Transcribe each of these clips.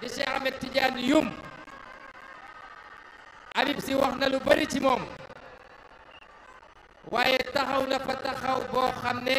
di Cheikh Ahmed Tidiane Youm Habib Sy wax na lu bari ci moom waaye taxaw na fa taxaw boo xam ne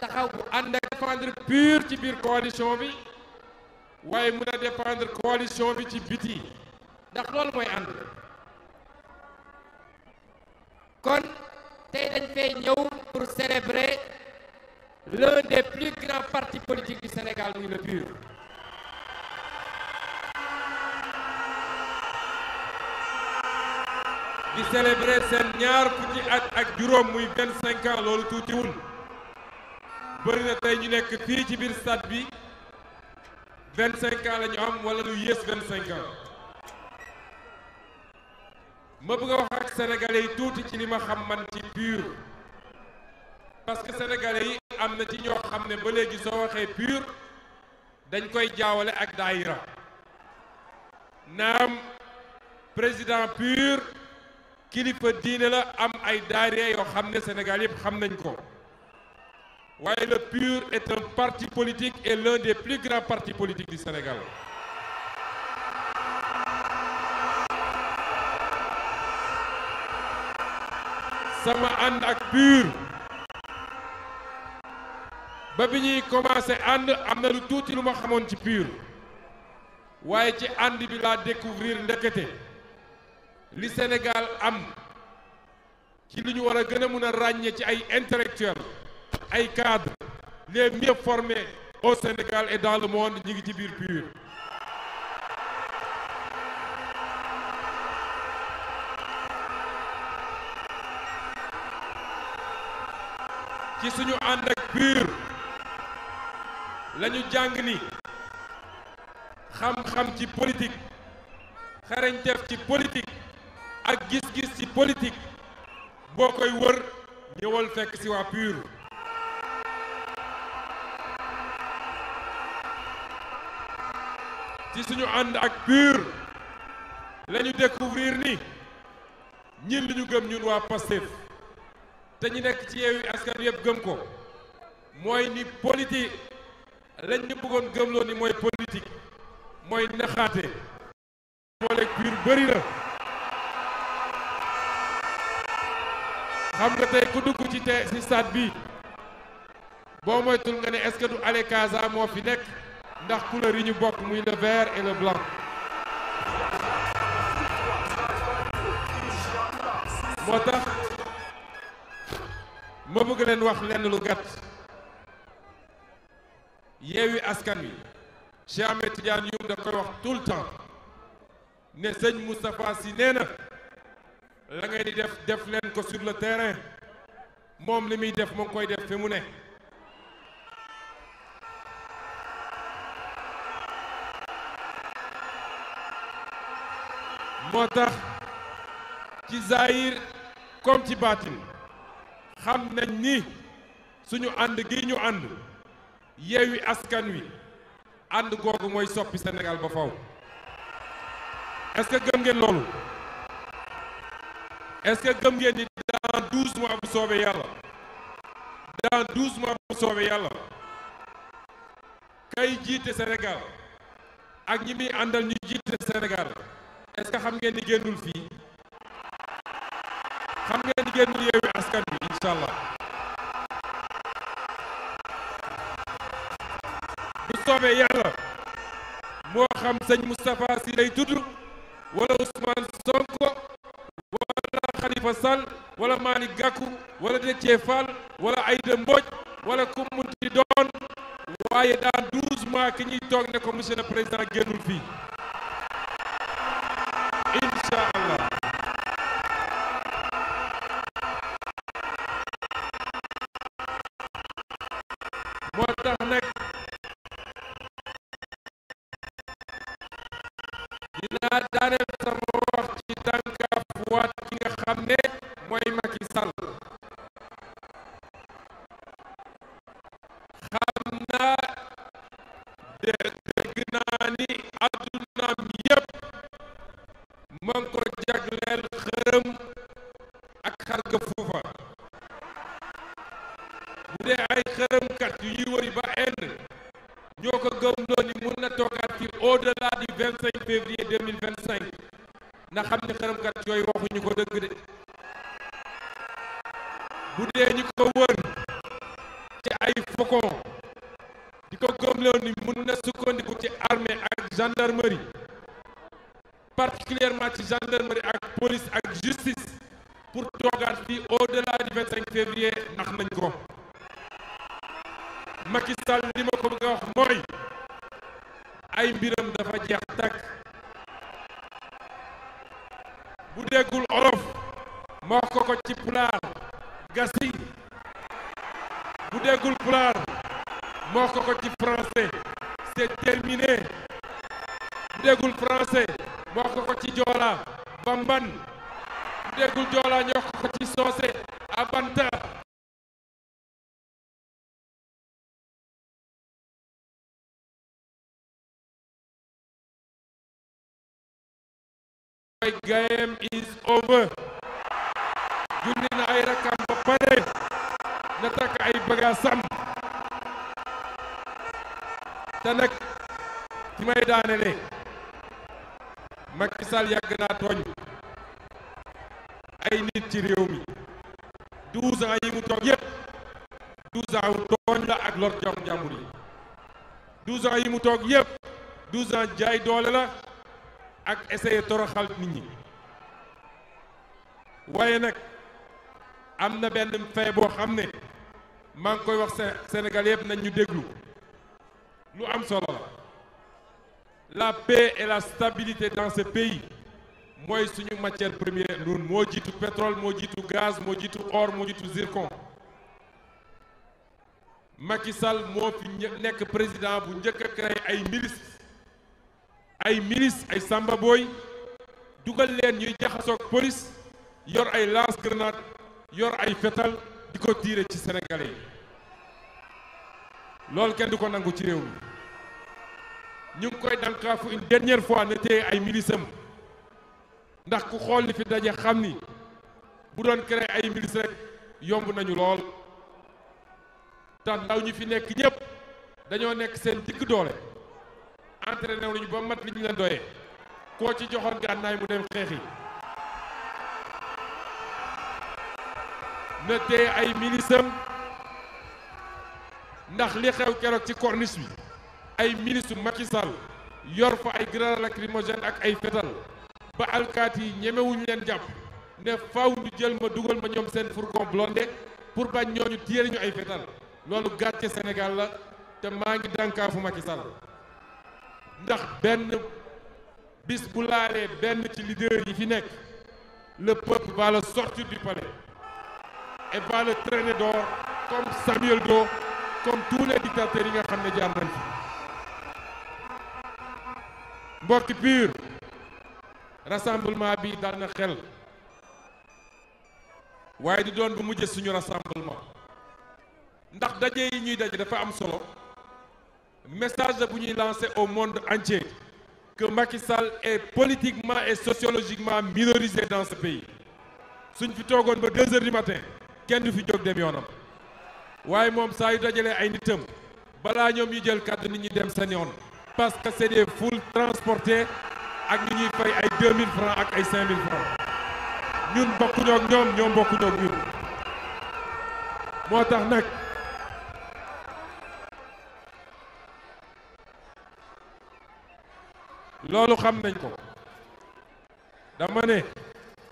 taxaw bu ànd ak défendre pur ci biir coalition bi waaye mun a défendre coalition bi ci biti ndax loolu mooy ànd kon tey dañ fay ñëw pour célébrer l'un des plus grands partis politiques du Sénégal muy le PUR di célébrer seen ñaar fukki at ak juróom muy vingt cinq ans loolu tuutiwul bëri na tey ñu nekk fii ci biir stade bi vingt cinq ans la ñu am wala lu yées vingt cinq ans ma bëgg a wax ak sénégalais yi tuuti ci lima xam man ci PUR parce que sénégalais yi am na ci ñoo xam ne ba léegi soo waxee PUR dañ koy jaawale ak daayira naam président PUR kilifa diine la am ay daayira yoo xam ne Sénégal yëpp xam nañ ko waaye le PUR est un parti politique et l'un des plus grands partis politiques du Sénégal sama ànd ak PUR ba bi ñuy commencé ànd am na lu tuuti lu ma xamoon ci PUR waaye ci ànd bi laa découvrir ndekete li Sénégal am ci li ñu war a gën ràññee ci ay intellectuels ay cadres les mieux formés au Sénégal et le monde ñi ngi ci biir PUR. ci suñu ànd ak PUR la jàng ni xam-xam ci politique xarañteef ci politique. ak gis-gis ci politique boo koy wër ñëwal fekk ci waa PUR ci suñu ànd ak PUR la ñu découvrir ni ñin li ñu gëm ñun waa Pastef te ñu nekk ci Yewwi Askan yëpp gëm ko mooy ni politique lañ bëggoon gëmloo ni mooy politique mooy naxaate booleeg PUR bëri na xam nga tey ku dugg ci te ci stade bi boo moytul nga ne est du Allez Casa moo fi nekk ndax couleur yi ñu bokk muy le et le blanc moo tax ma bëgg leen wax lenn lu gàtt yeewi askan wi Cheikh Ahmed Tidiane Youm da koy wax tout le temps ne sëñ Moustapha Sy nee na la ngay di def def leen ko sur le terrain moom li muy def mu koy def fi mu ne moo tax ci zahir comme ci baatin xam nañ ni suñu ànd gi ñu ànd yeewi askan wi ànd googu mooy soppi Sénégal ba faw est que gëm ngeen loolu est-ce que gëm ngeen ni dans douze mois bu soobee yàlla dans douze mois bu soobee yàlla kay jiite Sénégal ak ñi muy àndal ñu jiite Sénégal est xam ngeen ni génnul fii xam ngeen ni génnul Yewwi Askan Wi incha allah bu soobee yàlla moo xam sëñ Moustapha Sy lay tudd wala Ousmane Sonko. Khalifa Sall wala Malick Gakou wala Déthié moo tax nag dinaa daaneel sama wax ci tànkaaf ki nga xam ne ay xërëmkat yu ñuy wëri ba Inde ñoo ko gëm loo ni mun na toogaat ci au ko de bu dee ñu ko wër ci ay faucon di ko gëmloo ni mun na sukkandiku ci armée ak gendarmerie particulièrement ci gendarmerie ak police ak justice pour toogaat fii au-delà ndax nañ ko Macky Sall ko bëgg wax mooy ay mbiram dafa jeex tàkk bu déggul olof ma wax ko ci pulaar gasi bu déggul pulaar ma wax ko ci français c'est terminé bu déggul français ma wax ko ci joola bamban bu déggul joola ñu wax ko ci soose abanta mooy game is over junni na ay rakkam ba pare na takk ay bagaasam te nag ci may daanele Macky Sall yàgg naa tooñ ay nit ci réew mi ans yi mu toog yépp ans wu tooñ la ak lor jom yi ans yi mu toog yépp ans jaay doole la ak essayer toroxal nit ñi waaye nag am na benn fee boo xam ne maa ngi koy wax Sénégal yëpp nañ ñu déglu lu am solo la la paix et la stabilité dans ce pays mooy suñu matière première loolu moo jiitu pétrole moo jiitu gaz moo jiitu or moo jiitu zircon Macky Sall moo fi nekk président bu njëkk a ay milices ay milice ay sàmba booy dugal leen ñuy jaxasoog police yor ay lance grenade yor ay fetal di ko tiire ci sénégalais yi loolu kenn du ko nangu ci réew mi ñu ngi koy dankaafu une fois ne téye ay milice ndax ku xool li fi daje xam ni bu doon kere ay milice rek yomb nañu lool tax ndaw ñi fi nekk ñépp dañoo nekk seen dikk doole entraîné wu ñu ba mat li ñu leen doyee koo ci joxoon gànnaay mu dem xeexi na tee ay ministre ndax li xew keroog ci corniche bi ay ministre Macky yor fa ay grenades lacrymogènes ak ay fetal ba alkaati yi ñemewuñu leen jàpp ne faw ñu jël ma dugal ma ñoom seen fourgon blindé pour bañ ñooñu téye ñu ay fetal loolu gàcce senegal la te maa ngi dànkaafu Macky ndax benn bis bu laalee benn ci leader yi fi nekk le peuple va le sortir du palais et va le comme Samuel Doe comme tous les yi nga xam ne jaar nañ fi mbokki pur rassemblement bi dal na xel waaye di doon bu mujjee suñu rassemblement ndax daje yi ñuy daje dafa am solo message la bu ñuy lancer au monde entier que Macky Sall est politiquement et sociologiquement minorisé dans ce pays suñ fi toogoon ba deux heures du matin kenn du fi jóg dem yoonam waaye moom saa yu dajalee ay nitam balaa ñoom ñu jël kàddu nit ñu dem seen yoon parce que c'est des foules transportées ak ñu ñuy fay ay 2000 francs ak ay 5000 francs ñun bokkuñoo ak ñoom ñoom bokkuñoo ñun moo tax nag. loolu xam nañ ko dama ne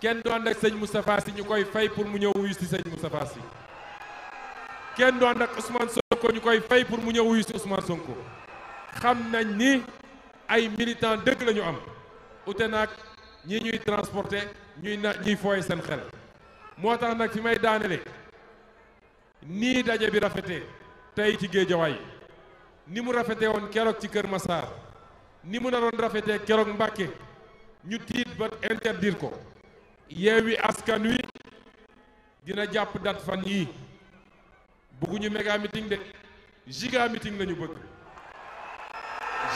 kenn du ànd ak sëñ Moustapha Sy ñu koy fay pour mu ñëw wuyu si sëñ Moustapha si kenn du ànd ak Ousmane Sonko ñu koy fay pour mu ñëw wuyu si Ousmane Sonko xam nañ ni ay militant dëgg lañu ñu am ute naag ñi ñuy transporter ñuy na ñuy fooye seen xel moo tax nag fi may daanele nii daje bi rafetee tey ci géejawaay ni mu rafete woon keroog ci Kër Massar ni mu naroon rafetee keroog Mbàkke ñu tiit ba interdire ko yeewi askan wi dina jàpp date fan yii bëgguñu méga meeting de giga meeting la ñu bëgg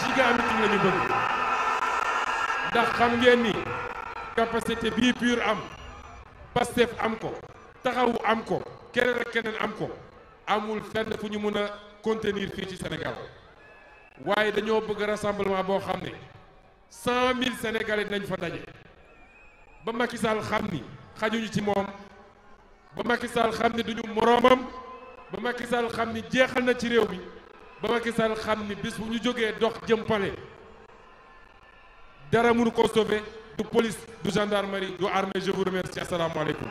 giga meeting ndax xam ngeen ni capacité bii pur am Pastef am ko taxawu am ko keneen ak keneen am ko amul fenn fu ñu mën a contenir fii ci senegal waaye dañoo bëgg rassemblement boo xam ne cent mille sénégalais dinañ fa daje ba Macky Sall xam ni xajuñu ci moom ba Macky Sall xam ni duñu moroomam ba Macky Sall xam ni jeexal na ci réew mi ba Macky Sall xam ni bis bu ñu jógee dox jëm pale dara mënu ko sauver du police du gendarmerie du armée je vous remercie asalaamaaleykum